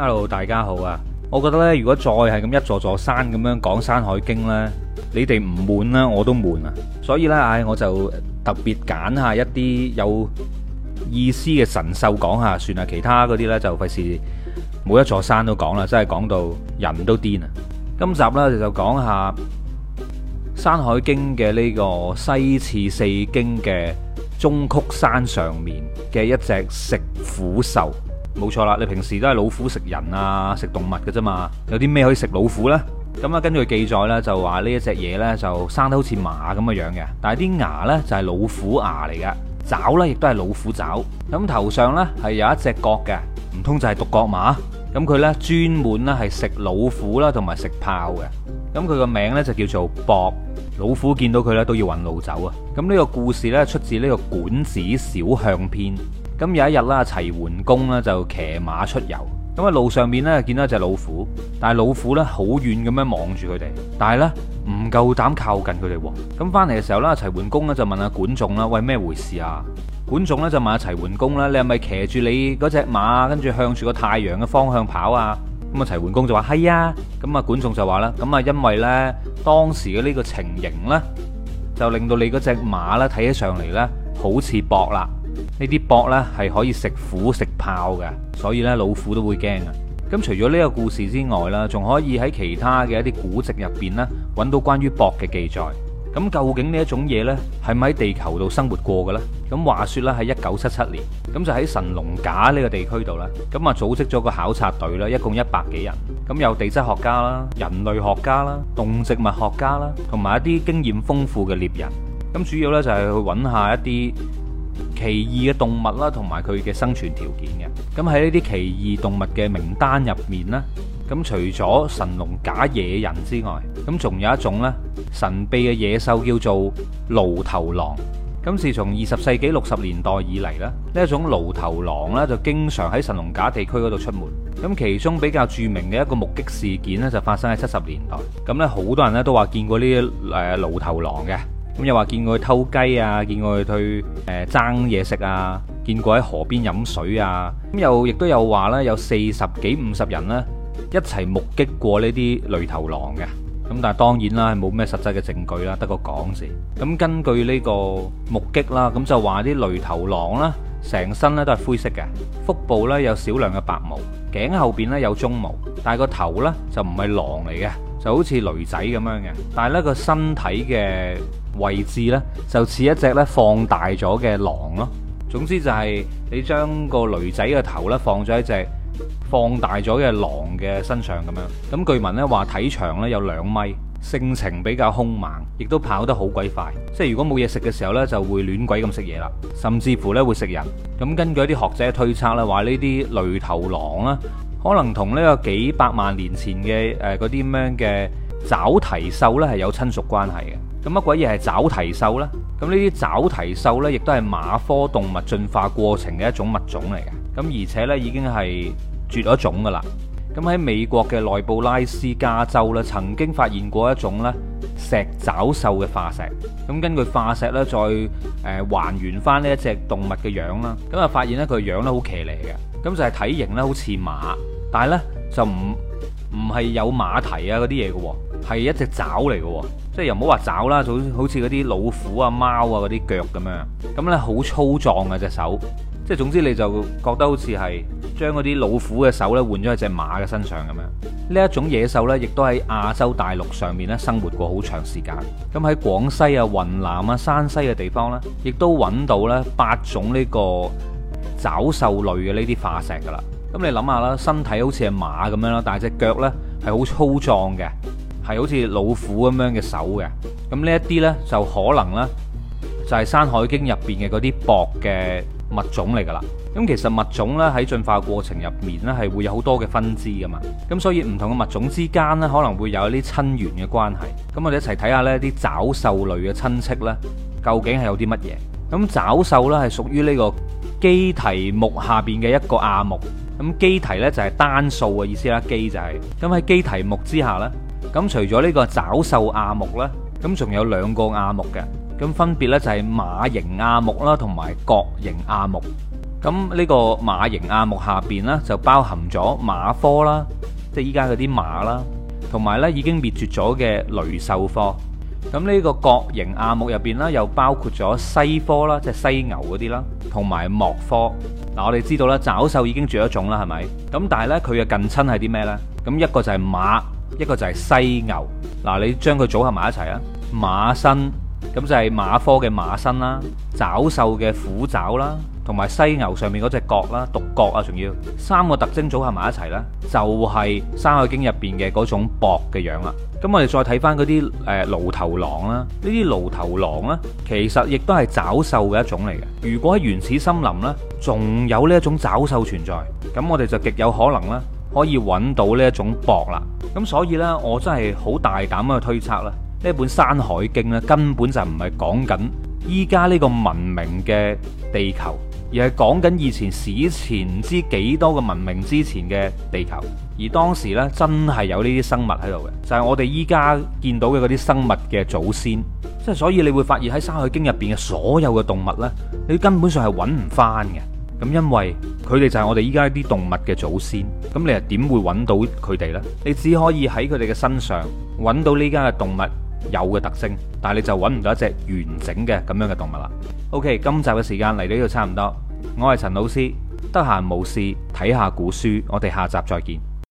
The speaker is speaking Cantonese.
hello，大家好啊！我覺得咧，如果再係咁一座座山咁樣講《山海經》咧，你哋唔悶啦，我都悶啊！所以咧，唉，我就特別揀下一啲有意思嘅神獸講下算啦，其他嗰啲咧就費事每一座山都講啦，真係講到人都癲啊！今集咧就講下《山海經》嘅呢個西次四經嘅中曲山上面嘅一隻食虎獸。冇錯啦，你平時都係老虎食人啊，食動物嘅啫嘛，有啲咩可以食老虎呢？咁啊，根據記載咧就話呢一隻嘢呢，就，就生得好似馬咁嘅樣嘅，但係啲牙呢，就係老虎牙嚟嘅，爪呢，亦都係老虎爪，咁頭上呢，係有一隻角嘅，唔通就係獨角馬？咁佢呢，專門咧係食老虎啦，同埋食豹嘅，咁佢個名呢，就叫做博老虎，見到佢呢，都要揾路走啊！咁呢個故事呢，出自呢個《管子小象篇》。咁有一日啦，齊桓公咧就騎馬出遊。咁啊，路上面咧見到一隻老虎，但係老虎咧好遠咁樣望住佢哋，但係咧唔夠膽靠近佢哋喎。咁翻嚟嘅時候啦，齊桓公咧就問下管仲啦：喂，咩回事啊？管仲咧就問下齊桓公啦：你係咪騎住你嗰隻馬，跟住向住個太陽嘅方向跑啊？咁、嗯、啊，齊桓公就話：係啊。咁啊，管仲就話啦：咁啊，因為咧當時嘅呢個情形咧，就令到你嗰隻馬咧睇起上嚟咧好似駁啦。呢啲駁呢，係可以食虎食豹嘅，所以呢老虎都會驚啊。咁除咗呢個故事之外啦，仲可以喺其他嘅一啲古籍入邊咧，揾到關於駁嘅記載。咁究竟呢一種嘢呢，係咪喺地球度生活過嘅咧？咁話說咧喺一九七七年，咁就喺神農架呢個地區度啦，咁啊組織咗個考察隊啦，一共一百幾人，咁有地質學家啦，人類學家啦，動植物學家啦，同埋一啲經驗豐富嘅獵人。咁主要呢，就係去揾下一啲。奇異嘅動物啦，同埋佢嘅生存條件嘅。咁喺呢啲奇異動物嘅名單入面咧，咁除咗神農架野人之外，咁仲有一種咧神秘嘅野獸叫做驢頭狼。咁自從二十世紀六十年代以嚟咧，呢一種驢頭狼咧就經常喺神農架地區嗰度出門。咁其中比較著名嘅一個目擊事件咧，就發生喺七十年代。咁咧，好多人咧都話見過呢啲誒驢頭狼嘅。咁又話見過佢偷雞啊，見過佢去誒爭嘢食啊，見過喺河邊飲水啊。咁又亦都有話咧，有四十幾五十人咧一齊目擊過呢啲雷頭狼嘅。咁但係當然啦，係冇咩實質嘅證據啦，得個講字。咁根據呢個目擊啦，咁就話啲雷頭狼咧，成身咧都係灰色嘅，腹部咧有少量嘅白毛，頸後邊咧有棕毛，但係個頭咧就唔係狼嚟嘅，就好似驢仔咁樣嘅。但係咧個身體嘅～位置呢，就似一隻咧放大咗嘅狼咯。總之就係你將個驢仔嘅頭呢，放咗一隻放大咗嘅狼嘅身上咁樣。咁據聞呢，話體長呢有兩米，性情比較凶猛，亦都跑得好鬼快。即係如果冇嘢食嘅時候呢，就會亂鬼咁食嘢啦，甚至乎呢，會食人。咁根據啲學者嘅推測呢，話呢啲驢頭狼啦，可能同呢個幾百萬年前嘅誒嗰啲咩嘅。爪蹄獸咧係有親屬關係嘅，咁乜鬼嘢係爪蹄獸呢？咁呢啲爪蹄獸呢，亦都係馬科動物進化過程嘅一種物種嚟嘅，咁而且呢，已經係絕咗種噶啦。咁喺美國嘅內布拉斯加州呢，曾經發現過一種呢石爪獸嘅化石，咁根據化石呢，再誒還原翻呢一隻動物嘅樣啦，咁啊發現呢，佢樣咧好騎呢嘅，咁就係、是、體型呢，好似馬，但係呢，就唔唔係有馬蹄啊嗰啲嘢嘅喎。係一隻爪嚟嘅，即係又唔好話爪啦，就好似嗰啲老虎啊、貓啊嗰啲腳咁樣。咁呢，好粗壯嘅隻手，即係總之你就覺得好似係將嗰啲老虎嘅手呢換咗喺隻馬嘅身上咁樣。呢一種野獸呢，亦都喺亞洲大陸上面呢生活過好長時間。咁喺廣西啊、雲南啊、山西嘅地方呢，亦都揾到呢八種呢個爪獸類嘅呢啲化石㗎啦。咁你諗下啦，身體好似係馬咁樣啦，但係隻腳呢，係好粗壯嘅。係好似老虎咁樣嘅手嘅咁，呢一啲呢，就可能呢，就係《山海經》入邊嘅嗰啲薄嘅物種嚟㗎啦。咁其實物種咧喺進化過程入面呢，係會有好多嘅分支㗎嘛。咁所以唔同嘅物種之間呢，可能會有一啲親緣嘅關係。咁我哋一齊睇下呢啲爪獸類嘅親戚呢，究竟係有啲乜嘢？咁爪獸呢，係屬於呢個基蹄目下邊嘅一個亞目。咁基蹄呢，就係單數嘅意思啦，基就係咁喺基蹄目之下呢。咁除咗呢個爪獸亞目咧，咁仲有兩個亞目嘅，咁分別咧就係馬形亞目啦，同埋角形亞目。咁呢個馬形亞目下邊咧，就包含咗馬科啦，即係依家嗰啲馬啦，同埋咧已經滅絕咗嘅雷獸科。咁呢個角形亞目入邊咧，又包括咗犀科啦，即係犀牛嗰啲啦，同埋貘科。嗱，我哋知道啦，爪獸已經絕咗種啦，係咪？咁但係咧，佢嘅近親係啲咩咧？咁一個就係馬。一個就係犀牛，嗱，你將佢組合埋一齊啊。馬身咁就係馬科嘅馬身啦，爪獸嘅虎爪啦，同埋犀牛上面嗰隻角啦，獨角啊，仲要三個特徵組合埋一齊啦，就係《山海經》入邊嘅嗰種駁嘅樣啦。咁我哋再睇翻嗰啲誒，驢頭狼啦，呢啲驢頭狼啦，其實亦都係爪獸嘅一種嚟嘅。如果喺原始森林呢，仲有呢一種爪獸存在，咁我哋就極有可能啦。可以揾到呢一種博啦，咁所以呢，我真係好大膽去推測啦。呢本《山海經》咧，根本就唔係講緊依家呢個文明嘅地球，而係講緊以前史前之幾多個文明之前嘅地球，而當時呢，真係有呢啲生物喺度嘅，就係、是、我哋依家見到嘅嗰啲生物嘅祖先。即係所以，你會發現喺《山海經》入邊嘅所有嘅動物呢，你根本上係揾唔翻嘅。咁因為佢哋就係我哋依家啲動物嘅祖先，咁你又點會揾到佢哋呢？你只可以喺佢哋嘅身上揾到呢家嘅動物有嘅特徵，但係你就揾唔到一隻完整嘅咁樣嘅動物啦。OK，今集嘅時間嚟到呢度差唔多，我係陳老師，得閒冇事睇下古書，我哋下集再見。